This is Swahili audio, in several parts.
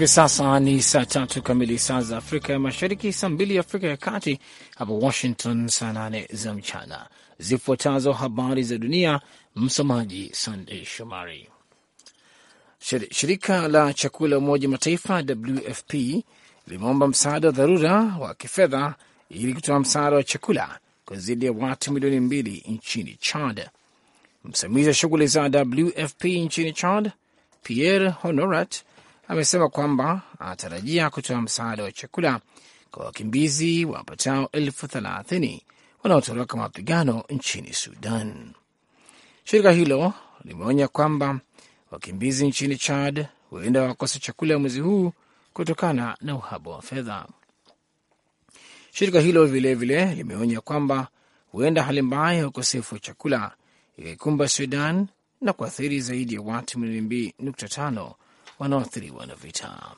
Hivi sasa ni saa tatu kamili, saa za Afrika ya Mashariki, saa mbili Afrika ya Kati, hapa Washington saa nane za mchana. Zifuatazo habari za dunia, msomaji Sandey Shomari. Shirika la chakula Umoja Mataifa WFP limeomba msaada wa dharura wa kifedha ili kutoa msaada wa chakula kwa zaidi ya watu milioni mbili nchini Chad. Msimamizi wa shughuli za WFP nchini Chad, Pierre Honorat, amesema kwamba anatarajia kutoa msaada wa chakula kwa wakimbizi wapatao elfu thelathini wanaotoroka mapigano nchini Sudan. Shirika hilo limeonya kwamba wakimbizi nchini Chad huenda wakosa chakula mwezi huu kutokana na uhaba wa fedha. Shirika hilo vilevile limeonya kwamba huenda hali mbaya ya ukosefu wa chakula ikaikumba Sudan na kuathiri zaidi ya watu milioni tano wanaoathiriwa na vita.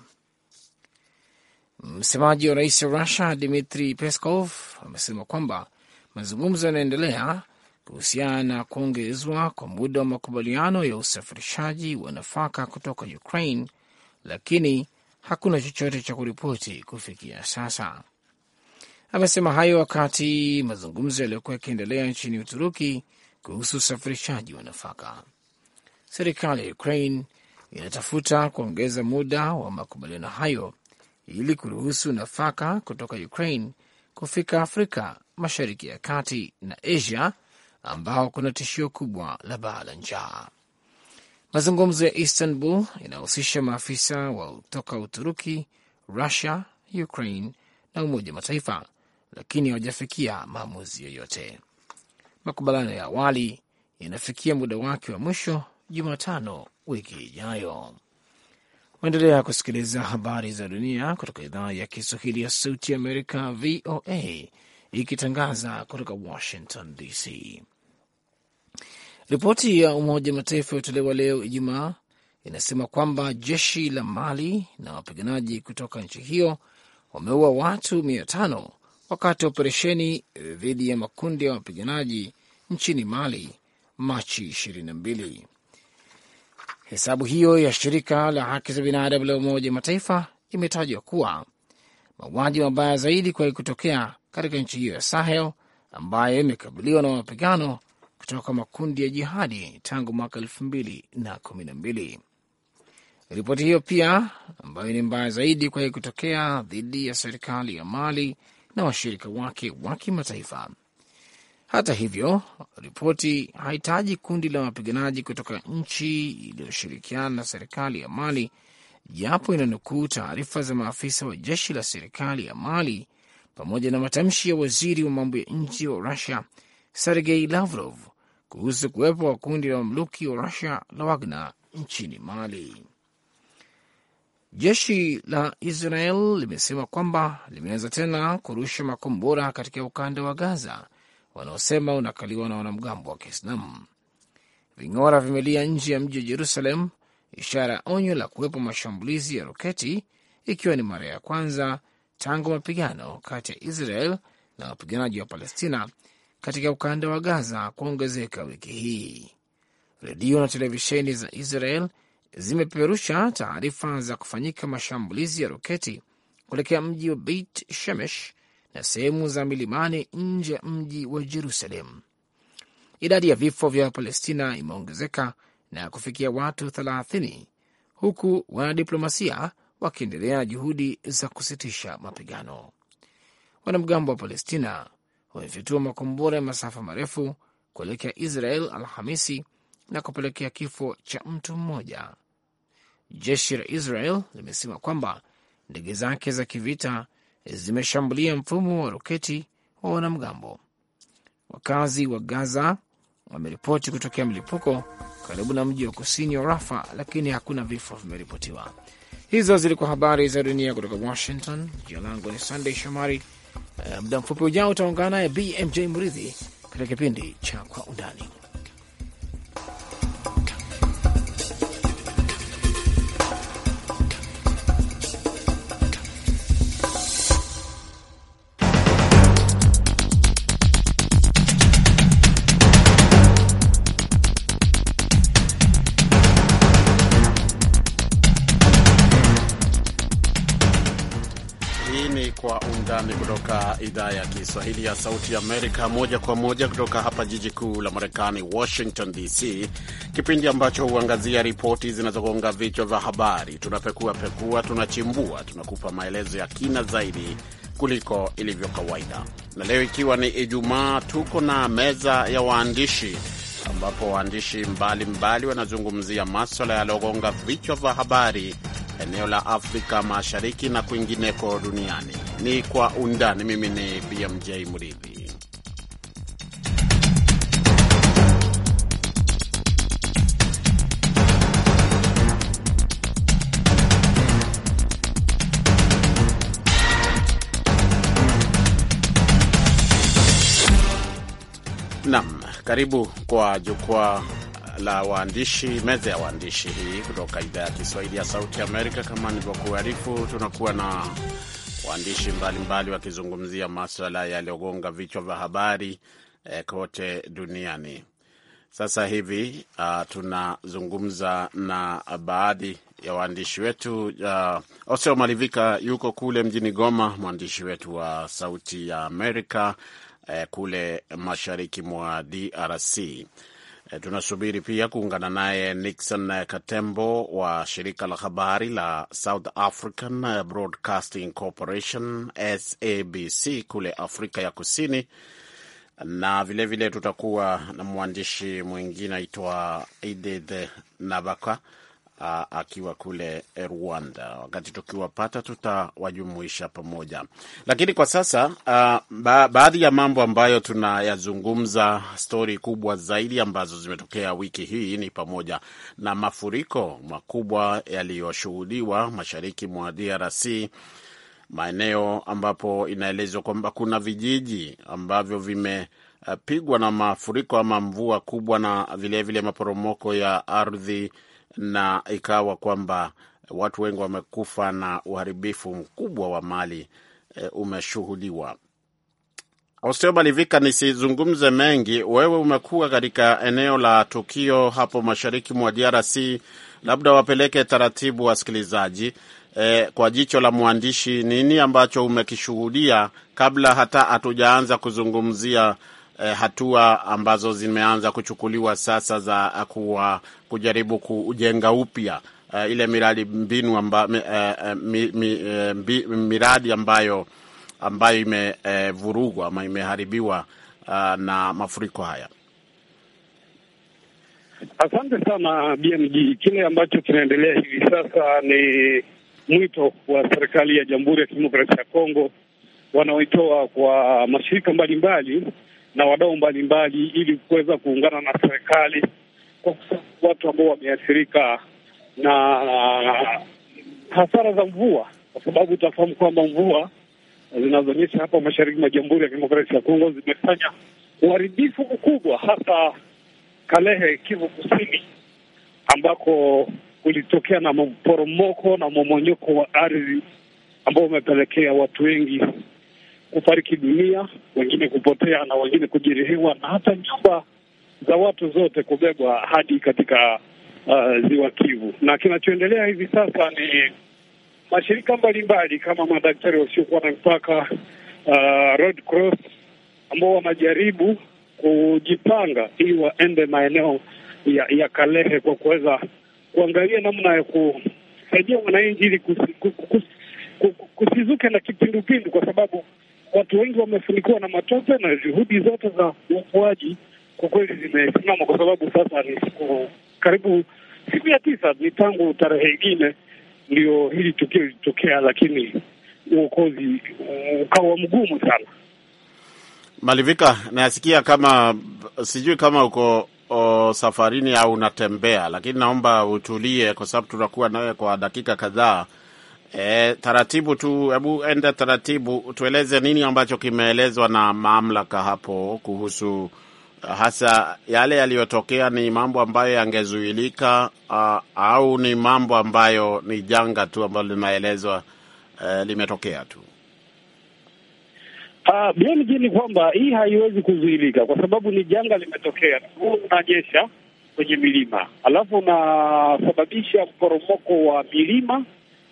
Msemaji wa rais wa Rusia Dmitri Peskov amesema kwamba mazungumzo yanaendelea kuhusiana na kuongezwa kwa muda wa makubaliano ya usafirishaji wa nafaka kutoka Ukraine, lakini hakuna chochote cha kuripoti kufikia sasa. Amesema hayo wakati mazungumzo yaliyokuwa yakiendelea nchini Uturuki kuhusu usafirishaji wa nafaka. Serikali ya Ukraine inatafuta kuongeza muda wa makubaliano hayo ili kuruhusu nafaka kutoka Ukraine kufika Afrika Mashariki ya Kati na Asia ambao kuna tishio kubwa la baa la njaa. Mazungumzo ya Istanbul yanahusisha maafisa wa kutoka Uturuki, Rusia, Ukraine na Umoja wa Mataifa, lakini hawajafikia maamuzi yoyote. Makubaliano ya awali yanafikia muda wake wa mwisho Jumatano wiki ijayo. Waendelea kusikiliza habari za dunia kutoka idhaa ya Kiswahili ya Sauti ya Amerika, VOA, ikitangaza kutoka Washington DC. Ripoti ya Umoja wa Mataifa iliyotolewa leo Ijumaa inasema kwamba jeshi la Mali na wapiganaji kutoka nchi hiyo wameua watu mia tano wakati wa operesheni dhidi ya makundi ya wapiganaji nchini Mali Machi 22. Hesabu hiyo ya shirika la haki za binadamu la Umoja wa Mataifa imetajwa kuwa mauaji mabaya zaidi kuwahi kutokea katika nchi hiyo ya Sahel ambayo imekabiliwa na mapigano kutoka makundi ya jihadi tangu mwaka elfu mbili na kumi na mbili. Ripoti hiyo pia ambayo ni mbaya zaidi kuwahi kutokea dhidi ya serikali ya Mali na washirika wake wa kimataifa hata hivyo, ripoti hahitaji kundi la wapiganaji kutoka nchi iliyoshirikiana na serikali ya Mali, japo inanukuu taarifa za maafisa wa jeshi la serikali ya Mali pamoja na matamshi ya waziri wa mambo ya nje wa Rusia Sergei Lavrov kuhusu kuwepo wa kundi la mamluki wa Rusia la Wagner nchini Mali. Jeshi la Israel limesema kwamba limeanza tena kurusha makombora katika ukanda wa Gaza wanaosema unakaliwa na wanamgambo wa Kiislamu. Ving'ora vimelia nje ya mji wa Jerusalem, ishara ya onyo la kuwepo mashambulizi ya roketi, ikiwa ni mara ya kwanza tangu mapigano kati ya Israel na wapiganaji wa Palestina katika ukanda wa Gaza kuongezeka wiki hii. Redio na televisheni za Israel zimepeperusha taarifa za kufanyika mashambulizi ya roketi kuelekea mji wa Beit Shemesh na sehemu za milimani nje ya mji wa Jerusalem. Idadi ya vifo vya Palestina imeongezeka na kufikia watu 30 huku wanadiplomasia wakiendelea juhudi za kusitisha mapigano. Wanamgambo wa Palestina wamefyatua makombora ya masafa marefu kuelekea Israel Alhamisi na kupelekea kifo cha mtu mmoja. Jeshi la Israel limesema kwamba ndege zake za kivita zimeshambulia mfumo wa roketi wa wanamgambo. Wakazi wa Gaza wameripoti kutokea mlipuko karibu na mji wa kusini wa Rafa, lakini hakuna vifo vimeripotiwa. Hizo zilikuwa habari za dunia kutoka Washington. Jina langu ni Sandey Shomari. Eh, muda mfupi ujao utaungana naye BMJ Mridhi katika kipindi cha Kwa Undani. idhaa ya Kiswahili ya Sauti ya Amerika, moja kwa moja kutoka hapa jiji kuu la Marekani, Washington DC, kipindi ambacho huangazia ripoti zinazogonga vichwa vya habari. Tunapekua pekua, tunachimbua, tunakupa maelezo ya kina zaidi kuliko ilivyo kawaida. Na leo ikiwa ni Ijumaa, tuko na meza ya waandishi ambapo waandishi mbalimbali wanazungumzia maswala yaliyogonga vichwa vya habari eneo la Afrika Mashariki na kwingineko duniani ni Kwa Undani. Mimi ni BMJ Mridhi. Nam, karibu kwa jukwaa la waandishi, meza ya waandishi hii kutoka idhaa ya Kiswahili ya Sauti Amerika. Kama nilivyokuarifu, tunakuwa na waandishi mbalimbali wakizungumzia maswala yaliyogonga vichwa vya habari eh, kote duniani. Sasa hivi uh, tunazungumza na baadhi ya waandishi wetu uh, Oseo Malivika yuko kule mjini Goma, mwandishi wetu wa Sauti ya Amerika eh, kule mashariki mwa DRC. E, tunasubiri pia kuungana naye Nixon eh, Katembo wa shirika la habari la South African eh, Broadcasting Corporation SABC kule Afrika ya Kusini, na vilevile vile tutakuwa na mwandishi mwingine aitwa Edith Nabaka uh, akiwa kule Rwanda. Wakati tukiwapata tutawajumuisha pamoja, lakini kwa sasa uh, ba, baadhi ya mambo ambayo tunayazungumza, stori kubwa zaidi ambazo zimetokea wiki hii ni pamoja na mafuriko makubwa yaliyoshuhudiwa mashariki mwa DRC maeneo ambapo inaelezwa kwamba kuna vijiji ambavyo vimepigwa na mafuriko ama mvua kubwa na vilevile maporomoko ya ardhi na ikawa kwamba watu wengi wamekufa na uharibifu mkubwa wa mali e, umeshuhudiwa. Austeo Malivika, nisizungumze mengi, wewe umekuwa katika eneo la tukio hapo mashariki mwa DRC, labda wapeleke taratibu wasikilizaji e, kwa jicho la mwandishi, nini ambacho umekishuhudia kabla hata hatujaanza kuzungumzia eh, hatua ambazo zimeanza kuchukuliwa sasa za eh, kuwa, kujaribu kujenga upya eh, ile miradi mbinu amba, eh, eh, mi, mi, eh, mbi, miradi ambayo ambayo imevurugwa eh, ama imeharibiwa uh, na mafuriko haya. Asante sana BMG. Kile ambacho kinaendelea hivi sasa ni mwito wa serikali ya Jamhuri ya Kidemokrasia ya Kongo wanaoitoa kwa mashirika mbalimbali mbali, na wadau mbalimbali ili kuweza kuungana na serikali, kwa sababu watu ambao wameathirika na hasara za mvua, kwa sababu utafahamu kwamba mvua zinazoonyesha hapa mashariki mwa Jamhuri ya Kidemokrasia ya Kongo zimefanya uharibifu mkubwa, hasa Kalehe, Kivu Kusini, ambako kulitokea na mporomoko na momonyoko wa ardhi ambao umepelekea watu wengi kufariki dunia, wengine kupotea na wengine kujeruhiwa, na hata nyumba za watu zote kubebwa hadi katika uh, ziwa Kivu. Na kinachoendelea hivi sasa ni mashirika mbalimbali kama madaktari wasiokuwa na mpaka, uh, Red Cross ambao wanajaribu kujipanga ili waende maeneo ya, ya Kalehe kwa kuweza kuangalia namna ya kusaidia wananchi ili kusizuke na kipindupindu, kwa sababu watu wengi wamefunikiwa na matope na juhudi zote za uokoaji kwa kweli zimesimama, kwa sababu sasa ni siku karibu siku ya tisa, ni tangu tarehe ingine ndio hili tukio lilitokea, lakini uokozi ukawa mgumu sana. Malivika, nasikia kama sijui kama uko o, safarini au unatembea, lakini naomba utulie kwa sababu tutakuwa nawe kwa dakika kadhaa. E, taratibu tu, hebu enda taratibu, tueleze nini ambacho kimeelezwa na mamlaka hapo kuhusu uh, hasa yale yaliyotokea. Ni mambo ambayo yangezuilika uh, au ni mambo ambayo ni janga tu ambalo linaelezwa e, limetokea tu? Uh, ah, ni kwamba hii haiwezi kuzuilika kwa sababu ni janga limetokea. Huu unanyesha kwenye milima alafu unasababisha mporomoko wa milima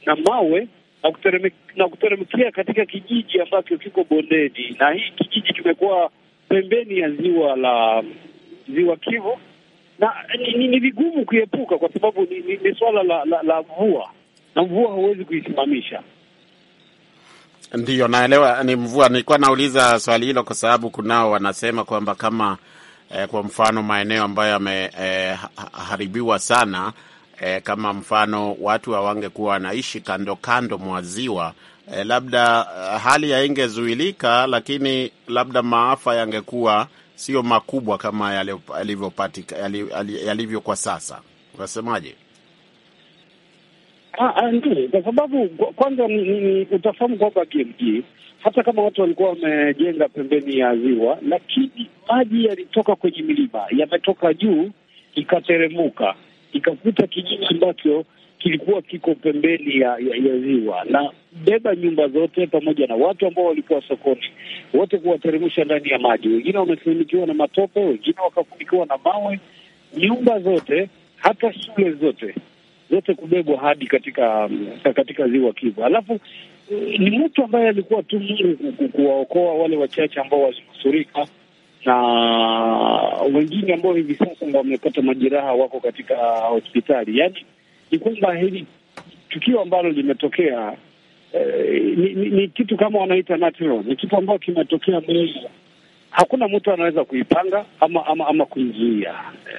na mawe na kuteremik, na kuteremkia katika kijiji ambacho kiko bondeni, na hii kijiji kimekuwa pembeni ya ziwa la ziwa Kivu na ni, ni vigumu kuepuka kwa sababu ni, ni, ni swala la, la, la mvua na mvua huwezi kuisimamisha. Ndiyo, naelewa ni mvua. Nilikuwa nauliza swali hilo kwa sababu kunao wanasema kwamba kama eh, kwa mfano maeneo ambayo yameharibiwa eh, sana e, kama mfano watu hawangekuwa wanaishi kando kando mwa ziwa e, labda e, hali haingezuilika, lakini labda maafa yangekuwa sio makubwa kama yalivyo kwa sasa. Unasemaje? Ah, ah, ndio, kwa sababu kwanza ni utafahamu kwamba KMG hata kama watu walikuwa wamejenga pembeni ya ziwa, lakini maji yalitoka kwenye milima, yametoka juu, ikateremuka ikakuta kijiji ambacho kilikuwa kiko pembeni ya, ya, ya ziwa na beba nyumba zote pamoja na watu ambao walikuwa sokoni wote kuwateremsha ndani ya maji. Wengine wamefunikiwa na matope, wengine wakafunikiwa na mawe, nyumba zote hata shule zote zote kubebwa hadi katika katika ziwa Kivu. Alafu mm, ni mtu ambaye alikuwa tu Mungu kuwaokoa wale wachache ambao walinusurika na wengine ambao hivi sasa ndo wamepata majeraha wako katika hospitali. Yaani ni kwamba hili tukio ambalo limetokea eh, ni, ni, ni kitu kama wanaita natural, ni kitu ambacho kimetokea mwezi hakuna mtu anaweza kuipanga ama ama ama kuizuia.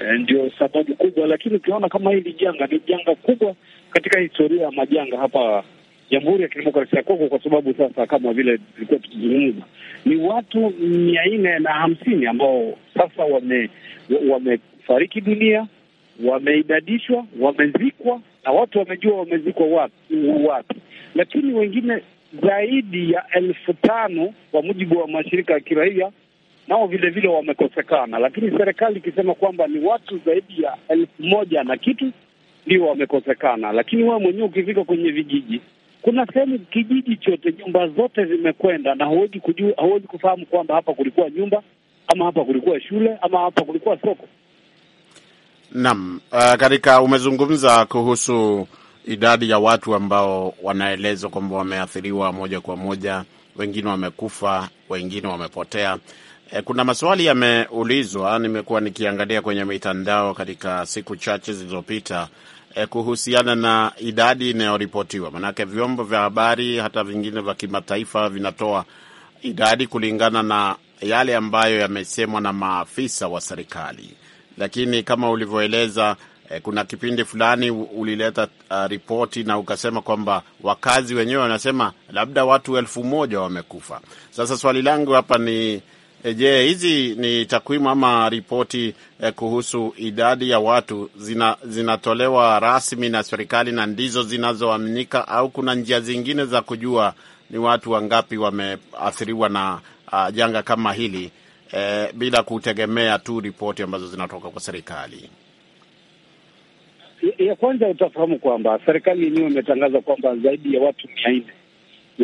E, ndio sababu kubwa, lakini ukiona kama hili janga ni janga kubwa katika historia ya majanga hapa Jamhuri ya Kidemokrasia ya Kongo, kwa sababu sasa kama vile tulikuwa tukizungumza, ni watu mia nne na hamsini ambao sasa wamefariki dunia, wameidadishwa, wamezikwa na watu wamejua wamezikwa wapi wapi, lakini wengine zaidi ya elfu tano kwa mujibu wa mashirika ya kiraia nao vile vile wamekosekana, lakini serikali ikisema kwamba ni watu zaidi ya elfu moja na kitu ndio wamekosekana, lakini wewe mwenyewe ukifika kwenye vijiji kuna sehemu kijiji chote nyumba zote zimekwenda, na huwezi kujua, huwezi kufahamu kwamba hapa kulikuwa nyumba ama hapa kulikuwa shule ama hapa kulikuwa soko. Naam. Uh, katika umezungumza kuhusu idadi ya watu ambao wanaelezwa kwamba wameathiriwa moja kwa moja, wengine wamekufa, wengine wamepotea. E, kuna maswali yameulizwa, nimekuwa nikiangalia kwenye mitandao katika siku chache zilizopita eh, kuhusiana na idadi inayoripotiwa? Maanake vyombo vya habari hata vingine vya kimataifa vinatoa idadi kulingana na yale ambayo yamesemwa na maafisa wa serikali, lakini kama ulivyoeleza eh, kuna kipindi fulani ulileta uh, ripoti na ukasema kwamba wakazi wenyewe wanasema labda watu elfu moja wamekufa. Sasa swali langu hapa ni Eh, je, hizi ni takwimu ama ripoti eh, kuhusu idadi ya watu zina, zinatolewa rasmi na serikali na ndizo zinazoaminika au kuna njia zingine za kujua ni watu wangapi wameathiriwa na uh, janga kama hili eh, bila kutegemea tu ripoti ambazo zinatoka kwa serikali? Ya kwanza utafahamu kwamba serikali yenyewe imetangaza kwamba zaidi ya watu mia nne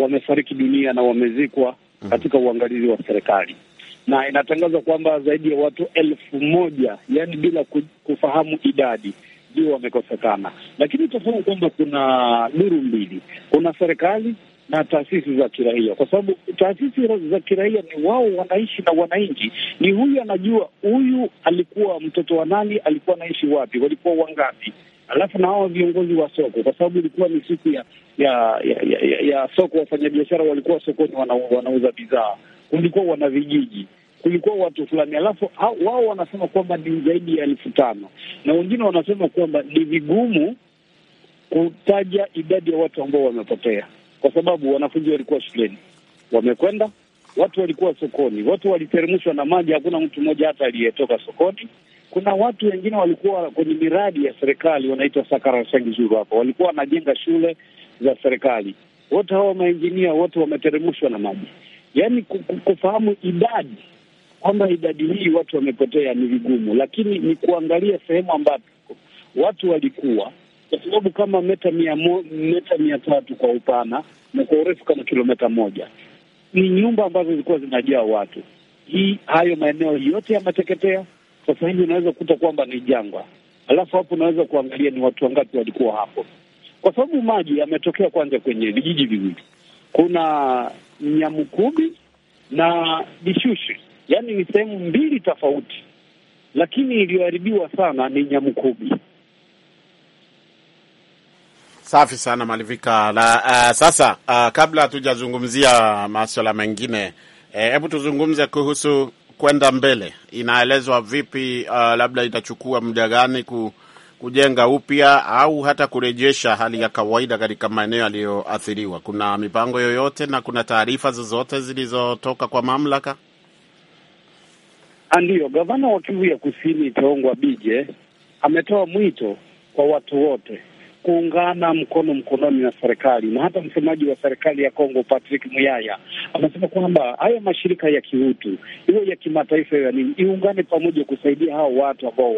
wamefariki dunia na wamezikwa mhm. katika uangalizi wa serikali na inatangazwa kwamba zaidi ya watu elfu moja yani bila kufahamu idadi ndio wamekosekana. Lakini utafahamu kwamba kuna duru mbili, kuna serikali na taasisi za kiraia, kwa sababu taasisi za kiraia ni wao wanaishi na wananchi, ni huyu anajua huyu alikuwa mtoto wa nani, alikuwa anaishi wapi, walikuwa wangapi alafu na hawa viongozi wa soko, kwa sababu ilikuwa ni siku ya ya ya, ya, ya soko. Wafanyabiashara walikuwa sokoni wanauza bidhaa, kulikuwa wana vijiji kulikuwa watu fulani, alafu wao wanasema kwamba ni zaidi ya elfu tano na wengine wanasema kwamba ni vigumu kutaja idadi ya watu ambao wamepotea, kwa sababu wanafunzi walikuwa shuleni, wamekwenda, watu walikuwa sokoni, watu waliteremshwa na maji, hakuna mtu mmoja hata aliyetoka sokoni. Kuna watu wengine walikuwa kwenye miradi ya serikali, wanaitwa sakarasangizuru hapa, walikuwa wanajenga shule za serikali. Wote hawa maenjinia wote wameteremshwa na maji. Yaani kufahamu idadi kwamba idadi hii watu wamepotea ni vigumu, lakini ni kuangalia sehemu ambapo watu walikuwa, kwa sababu kama meta mia mo, meta mia tatu kwa upana na kwa urefu kama kilometa moja ni nyumba ambazo zilikuwa zinajaa watu. Hii hayo maeneo yote yameteketea. Sasa hivi unaweza kukuta kwamba ni jangwa, alafu hapo unaweza kuangalia ni watu wangapi walikuwa hapo, kwa sababu maji yametokea kwanza kwenye vijiji viwili, kuna nyamukubi na Bishushi yaani ni sehemu mbili tofauti, lakini iliyoharibiwa sana ni Nyamukubi. Safi sana Malivika. La, uh, eh, sasa uh, kabla hatujazungumzia maswala mengine, eh, hebu tuzungumze kuhusu kwenda mbele. Inaelezwa vipi? Uh, labda itachukua muda gani ku kujenga upya au hata kurejesha hali ya kawaida katika maeneo yaliyoathiriwa? Kuna mipango yoyote na kuna taarifa zozote zilizotoka kwa mamlaka? Ah, Ndiyo, gavana wa Kivu ya Kusini Teongwa Bije ametoa mwito kwa watu wote kuungana mkono mkononi na serikali, na hata msemaji wa serikali ya Kongo Patrick Muyaya amesema kwamba haya mashirika ya kiutu hiyo ya kimataifa ya nini iungane pamoja kusaidia hao watu ambao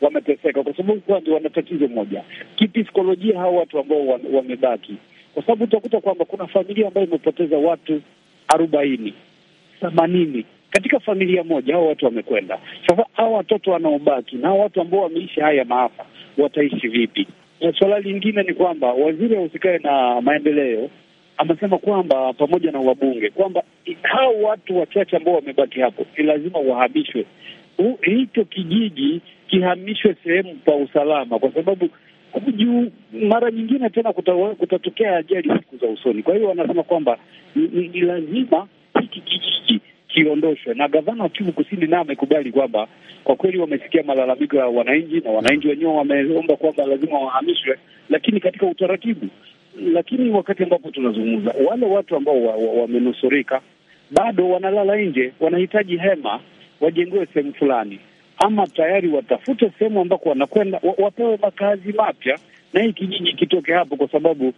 wameteseka, kwa sababu kwanza wana tatizo moja kipsikolojia, hao watu ambao wamebaki, kwa sababu utakuta kwamba kuna familia ambayo imepoteza watu arobaini themanini katika familia moja, hao watu wamekwenda. Sasa hao watoto wanaobaki na watu ambao wameishi haya maafa wataishi vipi? Na suala lingine ni kwamba waziri ahusikae na maendeleo amesema kwamba pamoja na wabunge kwamba hao watu wachache ambao wamebaki hapo ni lazima wahamishwe, hicho kijiji kihamishwe sehemu pa usalama, kwa sababu juu mara nyingine tena kutatokea ajali siku za usoni. Kwa hiyo wanasema kwamba ni lazima hiki kijiji kiondoshwe. Na gavana wa Kivu Kusini naye amekubali kwamba kwa kweli wamesikia malalamiko ya wananchi na wananchi wenyewe wameomba kwamba lazima wahamishwe, lakini katika utaratibu. Lakini wakati ambapo tunazungumza, wale watu ambao wamenusurika wa, wa bado wanalala nje, wanahitaji hema wajengewe sehemu fulani, ama tayari watafute sehemu ambako wanakwenda wapewe makazi mapya, na hii kijiji kitoke hapo, kwa sababu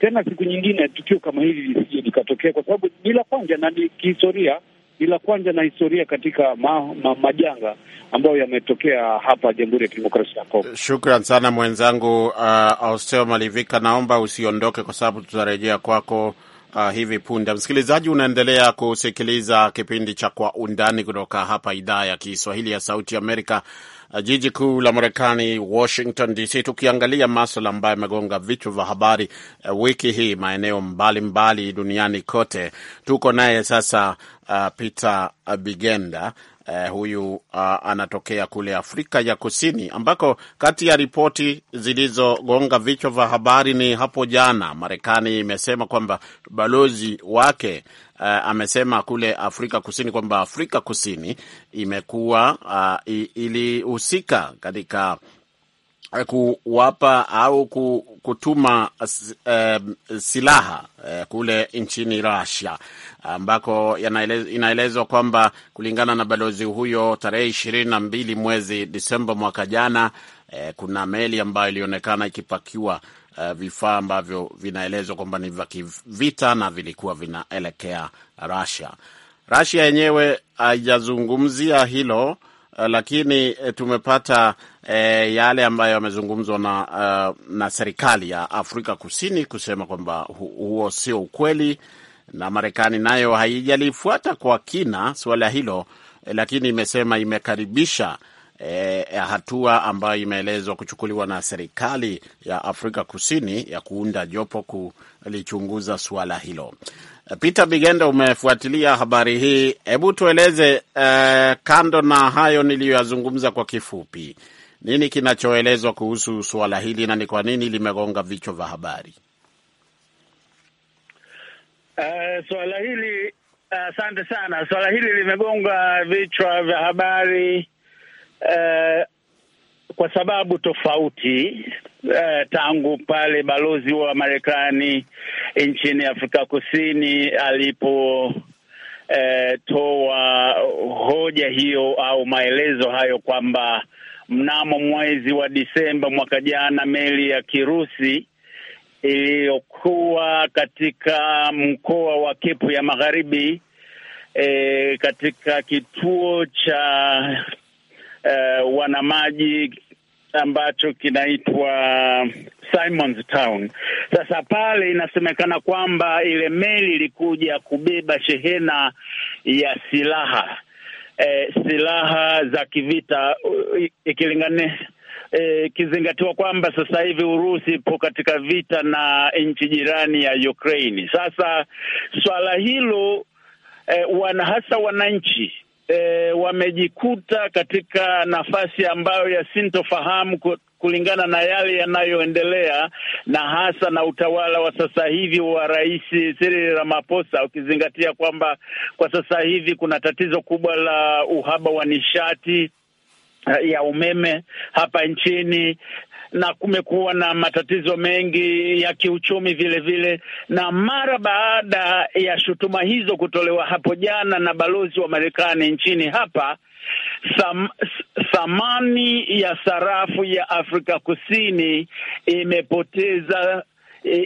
tena siku nyingine tukio kama hili lisije likatokea, kwa sababu ni la kwanza na ni kihistoria ni la kwanza na historia katika ma, ma, majanga ambayo yametokea hapa Jamhuri ya Kidemokrasia ya Kongo. Shukran sana mwenzangu uh, Austeo Malivika, naomba usiondoke kwa sababu tutarejea kwako uh, hivi punde. Msikilizaji, unaendelea kusikiliza kipindi cha Kwa Undani kutoka hapa idhaa ya Kiswahili ya Sauti Amerika jiji kuu la Marekani, Washington DC, tukiangalia maswala ambayo yamegonga vichwa vya habari eh, wiki hii maeneo mbalimbali mbali duniani kote. Tuko naye sasa uh, Peter Bigenda. Uh, huyu uh, anatokea kule Afrika ya Kusini ambako kati ya ripoti zilizogonga vichwa vya habari ni hapo jana Marekani imesema kwamba balozi wake uh, amesema kule Afrika Kusini kwamba Afrika Kusini imekuwa uh, ilihusika katika eh, kuwapa au kutuma eh, silaha eh, kule nchini Russia ambako inaelezwa kwamba kulingana na balozi huyo, tarehe ishirini na mbili mwezi Disemba mwaka jana eh, kuna meli ambayo ilionekana ikipakiwa uh, vifaa ambavyo vinaelezwa kwamba ni vya kivita na vilikuwa vinaelekea Russia. Russia yenyewe haijazungumzia hilo uh, lakini eh, tumepata uh, yale ambayo yamezungumzwa na, uh, na serikali ya Afrika Kusini kusema kwamba huo sio ukweli, na Marekani nayo haijalifuata kwa kina suala hilo, lakini imesema imekaribisha E, e, hatua ambayo imeelezwa kuchukuliwa na serikali ya Afrika Kusini ya kuunda jopo kulichunguza suala hilo. Peter Bigenda, umefuatilia habari hii, hebu tueleze e, kando na hayo niliyoyazungumza kwa kifupi, nini kinachoelezwa kuhusu suala hili na ni kwa nini limegonga vichwa vya habari? Uh, suala hili asante uh, sana. Suala hili limegonga vichwa vya habari Eh, kwa sababu tofauti eh, tangu pale balozi wa Marekani nchini Afrika Kusini alipo E, toa hoja hiyo au maelezo hayo kwamba mnamo mwezi wa Disemba mwaka jana meli ya Kirusi iliyokuwa katika mkoa wa kepu ya Magharibi e, katika kituo cha uh, wana maji ambacho kinaitwa Simon's Town. Sasa pale inasemekana kwamba ile meli ilikuja kubeba shehena ya silaha eh, silaha za kivita ikilingana eh, eh kizingatiwa kwamba sasa hivi Urusi ipo katika vita na nchi jirani ya Ukraini. Sasa swala hilo eh, wana hasa wananchi e, wamejikuta katika nafasi ambayo yasintofahamu kulingana na yale yanayoendelea na hasa na utawala wa sasa hivi wa Rais Cyril Ramaphosa, ukizingatia kwamba kwa sasa hivi kuna tatizo kubwa la uhaba wa nishati eh, ya umeme hapa nchini na kumekuwa na matatizo mengi ya kiuchumi vile vile. Na mara baada ya shutuma hizo kutolewa hapo jana na balozi wa Marekani nchini hapa, sam, thamani ya sarafu ya Afrika Kusini imepoteza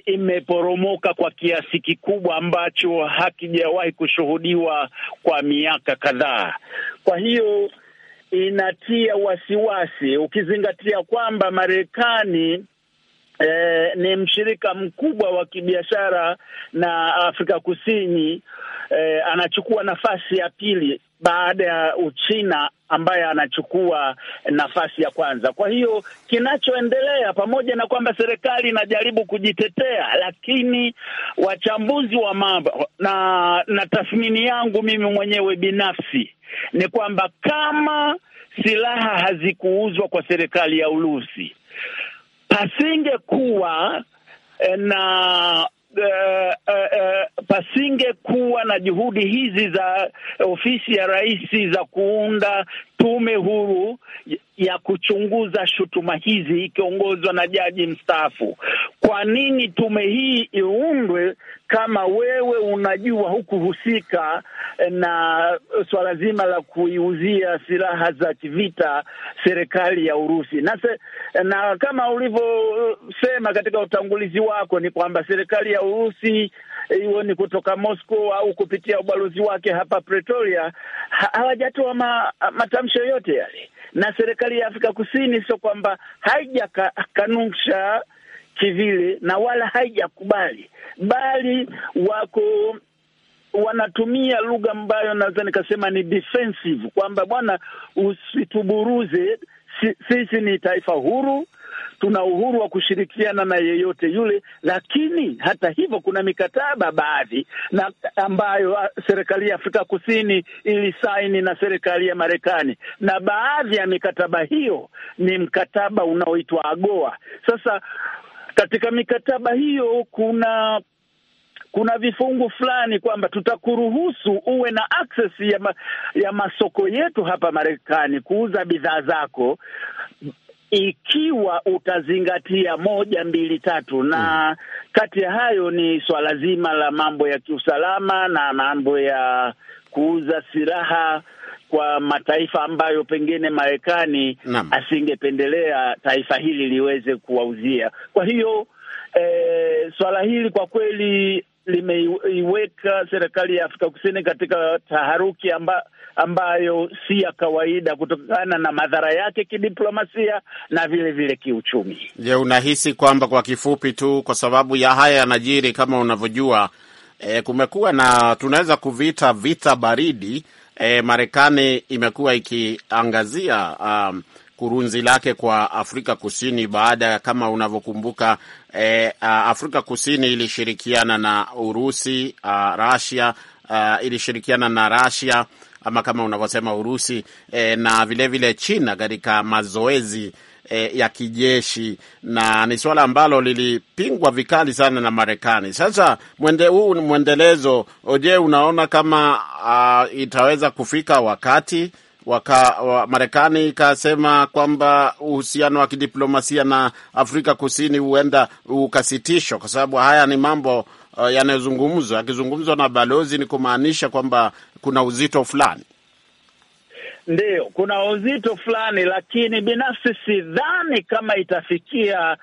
imeporomoka kwa kiasi kikubwa ambacho hakijawahi kushuhudiwa kwa miaka kadhaa. Kwa hiyo inatia wasiwasi ukizingatia kwamba Marekani Eh, ni mshirika mkubwa wa kibiashara na Afrika Kusini, eh, anachukua nafasi ya pili baada ya Uchina ambaye anachukua nafasi ya kwanza. Kwa hiyo kinachoendelea, pamoja na kwamba serikali inajaribu kujitetea, lakini wachambuzi wa mambo na, na tathmini yangu mimi mwenyewe binafsi ni kwamba kama silaha hazikuuzwa kwa serikali ya Urusi pasingekuwa eh, na uh, uh, pasingekuwa na juhudi hizi za ofisi ya rais za kuunda tume huru ya kuchunguza shutuma hizi ikiongozwa na jaji mstaafu. Kwa nini tume hii iundwe kama wewe unajua hukuhusika eh, na swala zima la kuiuzia silaha za kivita serikali ya Urusi? Na, se, na kama ulivyosema katika utangulizi wako ni kwamba serikali ya Urusi iwe ni kutoka Moscow au kupitia ubalozi wake hapa Pretoria, hawajatoa ma, matamsho yote yale, na serikali ya Afrika Kusini sio kwamba haijakanusha kivile na wala haijakubali, bali wako wanatumia lugha ambayo naweza nikasema ni defensive, kwamba bwana, usituburuze, sisi ni taifa huru tuna uhuru wa kushirikiana na yeyote yule, lakini hata hivyo kuna mikataba baadhi na ambayo ah, serikali ya Afrika Kusini ilisaini na serikali ya Marekani, na baadhi ya mikataba hiyo ni mkataba unaoitwa AGOA. Sasa katika mikataba hiyo kuna kuna vifungu fulani kwamba tutakuruhusu uwe na access ya, ma, ya masoko yetu hapa Marekani kuuza bidhaa zako ikiwa utazingatia moja, mbili, tatu na mm. Kati ya hayo ni swala zima la mambo ya kiusalama na mambo ya kuuza silaha kwa mataifa ambayo pengine Marekani asingependelea taifa hili liweze kuwauzia. Kwa hiyo eh, swala hili kwa kweli limeiweka serikali ya Afrika Kusini katika taharuki amba, ambayo si ya kawaida kutokana na madhara yake kidiplomasia na vile vile kiuchumi. Je, unahisi kwamba kwa kifupi tu, kwa sababu ya haya yanajiri kama unavyojua, e, kumekuwa na tunaweza kuvita vita baridi. E, Marekani imekuwa ikiangazia um, kurunzi lake kwa Afrika Kusini baada ya kama unavyokumbuka eh, Afrika Kusini ilishirikiana na Urusi uh, Russia uh, ilishirikiana na Russia ama kama unavyosema Urusi eh, na vilevile vile China katika mazoezi E, ya kijeshi na ni suala ambalo lilipingwa vikali sana na Marekani. Sasa mwende, huu mwendelezo, je, unaona kama uh, itaweza kufika wakati waka, Marekani ikasema kwamba uhusiano wa kidiplomasia na Afrika Kusini huenda ukasitishwa kwa sababu haya ni mambo uh, yanayozungumzwa. Yakizungumzwa na balozi ni kumaanisha kwamba kuna uzito fulani Ndiyo, kuna uzito fulani, lakini binafsi sidhani kama itafikia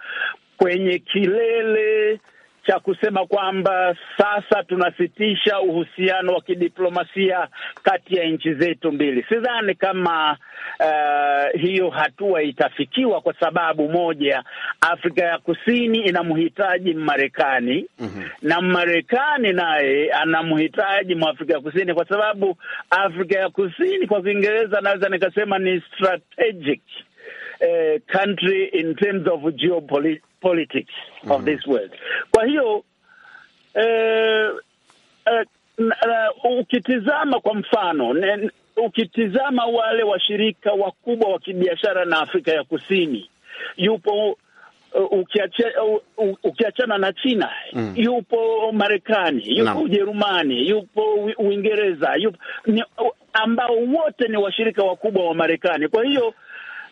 kwenye kilele cha kusema kwamba sasa tunasitisha uhusiano wa kidiplomasia kati ya nchi zetu mbili. Sidhani kama uh, hiyo hatua itafikiwa kwa sababu moja, Afrika ya Kusini inamhitaji Marekani mm -hmm. na Marekani naye anamhitaji Mwafrika ya Kusini kwa sababu Afrika ya Kusini kwa Kiingereza naweza nikasema ni strategic eh, country in terms of geopolitics politics mm -hmm. this world. Kwa hiyo uh, ukitizama kwa mfano ukitizama wale washirika wakubwa wa kibiashara na Afrika ya Kusini yupo uh, uh ukiachana uh, na China mm. yupo Marekani, yupo Ujerumani, yupo Uingereza yupo, ni, uh, ambao wote ni washirika wakubwa wa Marekani. Kwa hiyo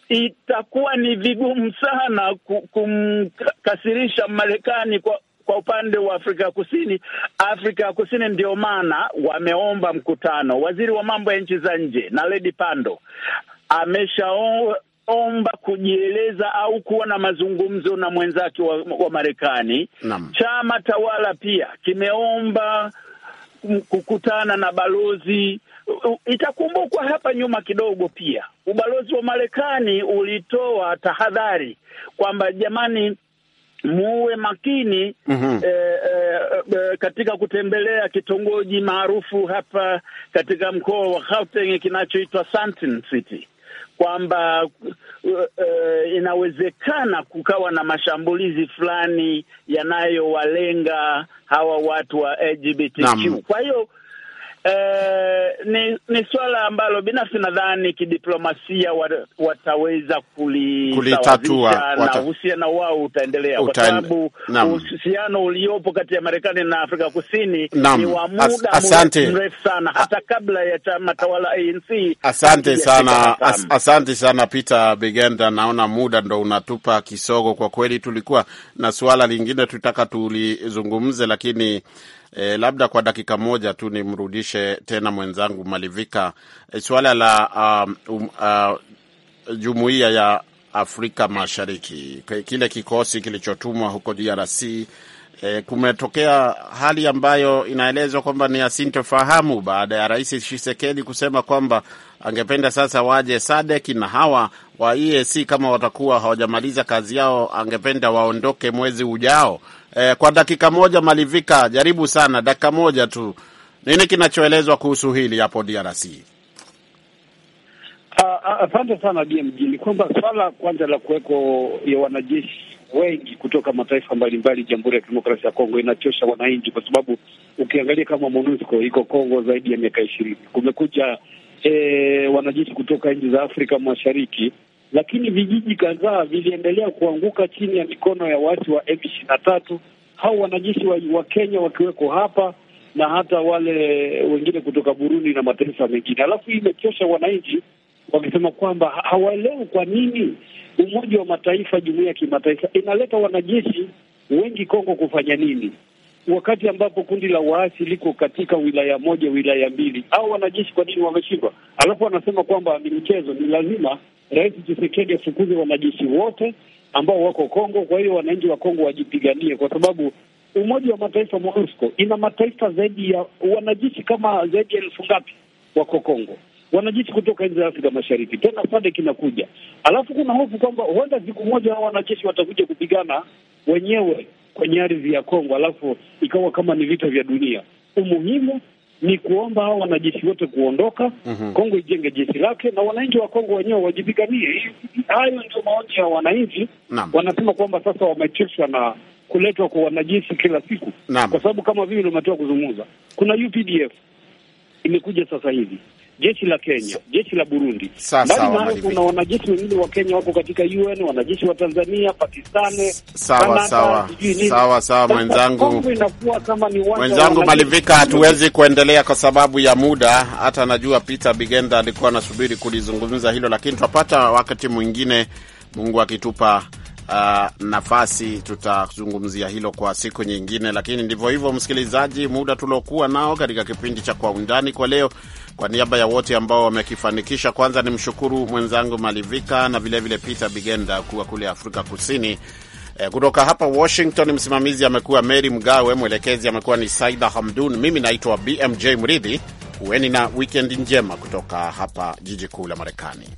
itakuwa ni vigumu sana kumkasirisha Marekani kwa kwa upande wa Afrika ya Kusini. Afrika ya Kusini ndio maana wameomba mkutano. Waziri wa mambo ya nchi za nje na ledi pando ameshaomba kujieleza au kuwa na mazungumzo na mwenzake wa, wa Marekani. Chama tawala pia kimeomba kukutana na balozi Itakumbukwa hapa nyuma kidogo pia ubalozi wa Marekani ulitoa tahadhari kwamba jamani, muwe makini mm -hmm. eh, eh, katika kutembelea kitongoji maarufu hapa katika mkoa wa Gauteng kinachoitwa Sandton City kwamba uh, uh, inawezekana kukawa na mashambulizi fulani yanayowalenga hawa watu wa LGBTQ. Kwa hiyo Eh, ni, ni swala ambalo binafsi nadhani kidiplomasia wataweza kulitatua na uhusiano wao utaendelea, kwa sababu uhusiano uliopo kati ya Marekani na Afrika Kusini ni wa muda mrefu sana, hata kabla ya chama tawala ANC. Asante sana, as, asante sana Peter Bigenda. Naona muda ndo unatupa kisogo kwa kweli, tulikuwa na suala lingine tutaka tulizungumze, lakini E, labda kwa dakika moja tu nimrudishe tena mwenzangu Malivika. E, suala la um, um uh, jumuiya ya Afrika Mashariki, kile kikosi kilichotumwa huko DRC E, kumetokea hali ambayo inaelezwa kwamba ni asintofahamu baada ya Rais Tshisekedi kusema kwamba angependa sasa waje Sadek na hawa wa EAC kama watakuwa hawajamaliza kazi yao, angependa waondoke mwezi ujao. E, kwa dakika moja Malivika, jaribu sana, dakika moja tu, nini kinachoelezwa kuhusu hili hapo DRC? Ah, ah, asante sana BMG. Ni kwamba swala kwanza la kuweko ya wanajeshi wengi kutoka mataifa mbalimbali Jamhuri ya Kidemokrasia ya Kongo inachosha wananchi, kwa sababu ukiangalia kama MONUSCO iko Kongo zaidi ya miaka ishirini, kumekuja e, wanajeshi kutoka nchi za Afrika Mashariki, lakini vijiji kadhaa viliendelea kuanguka chini ya mikono ya watu wa M23 au wanajeshi wa, wa Kenya wakiweko hapa na hata wale wengine kutoka Burundi na mataifa mengine. Alafu hii imechosha wananchi wakisema kwamba hawaelewi kwa nini Umoja wa Mataifa, jumuiya ya kimataifa inaleta wanajeshi wengi Kongo kufanya nini? wakati ambapo kundi la waasi liko katika wilaya moja, wilaya mbili, au wanajeshi kwa nini wameshindwa? Alafu wanasema kwamba ni mchezo, ni lazima Rais Tshisekedi afukuze wanajeshi wote ambao wako Kongo, kwa hiyo wananchi wa Kongo wajipiganie, kwa sababu Umoja wa Mataifa MONUSCO ina mataifa zaidi ya wanajeshi kama zaidi ya elfu ngapi wako Kongo, wanajeshi kutoka nchi za Afrika Mashariki, tena SADC inakuja. Alafu kuna hofu kwamba huenda siku moja hao wanajeshi watakuja kupigana wenyewe kwenye ardhi ya Kongo, alafu ikawa kama ni vita vya dunia. Umuhimu ni kuomba hao wanajeshi wote kuondoka. mm -hmm. Kongo ijenge jeshi lake na wananchi wa Kongo wenyewe wajipiganie. Hayo ndio maoni ya wananchi. Wanasema kwamba sasa wamechoshwa na kuletwa kwa wanajeshi kila siku, kwa sababu kama vile umetoa kuzungumza, kuna UPDF imekuja sasa hivi jeshi la Kenya, jeshi la Burundi. Sasa na kuna wanajeshi wengine wa Kenya wako katika UN, wanajeshi wa Tanzania, Pakistani. Sawa sawa sawa sawa, mwenzangu mwenzangu Malivika, hatuwezi kuendelea kwa sababu ya muda. Hata najua Peter Bigenda alikuwa anasubiri kulizungumza hilo, lakini tutapata wakati mwingine, Mungu akitupa wa uh, nafasi tutazungumzia hilo kwa siku nyingine. Lakini ndivyo hivyo, msikilizaji, muda tuliokuwa nao katika kipindi cha Kwa Undani kwa leo, kwa niaba ya wote ambao wamekifanikisha, kwanza ni mshukuru mwenzangu Malivika na vilevile vile Peter Bigenda kuwa kule Afrika Kusini. E, kutoka hapa Washington, msimamizi amekuwa Mary Mgawe, mwelekezi amekuwa ni Saida Hamdun, mimi naitwa BMJ Mridhi. Huweni na wikendi njema kutoka hapa jiji kuu la Marekani.